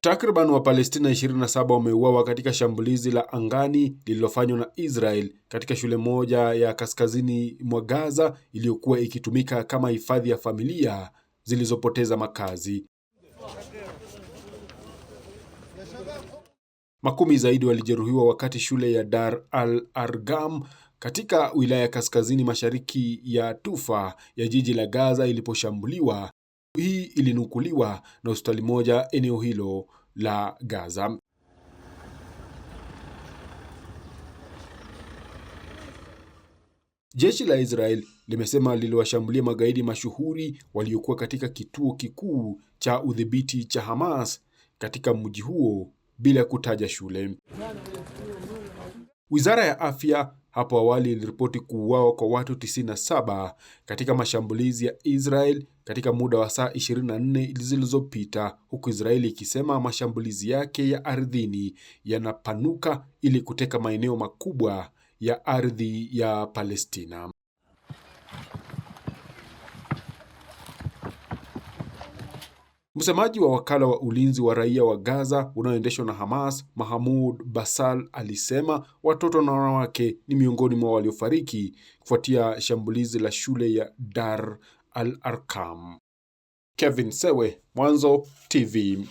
Takriban Wapalestina 27 wameuawa katika shambulizi la angani lililofanywa na Israel katika shule moja ya kaskazini mwa Gaza iliyokuwa ikitumika kama hifadhi ya familia zilizopoteza makazi. Makumi zaidi walijeruhiwa wakati shule ya Dar al argam katika wilaya kaskazini mashariki ya Tufa ya jiji la Gaza iliposhambuliwa hii ilinukuliwa na hospitali moja eneo hilo la Gaza. Jeshi la Israel limesema liliwashambulia magaidi mashuhuri waliokuwa katika kituo kikuu cha udhibiti cha Hamas katika mji huo bila kutaja shule. Wizara ya Afya hapo awali iliripoti kuuawa kwa watu 97 katika mashambulizi ya Israel katika muda wa saa 24 zilizopita, huku Israeli ikisema mashambulizi yake ya ardhini yanapanuka ili kuteka maeneo makubwa ya ardhi ya Palestina. Msemaji wa wakala wa ulinzi wa raia wa Gaza unaoendeshwa na Hamas, Mahamud Basal, alisema watoto na wanawake ni miongoni mwa waliofariki kufuatia shambulizi la shule ya Dar al-Arkam. Kevin Sewe, Mwanzo TV.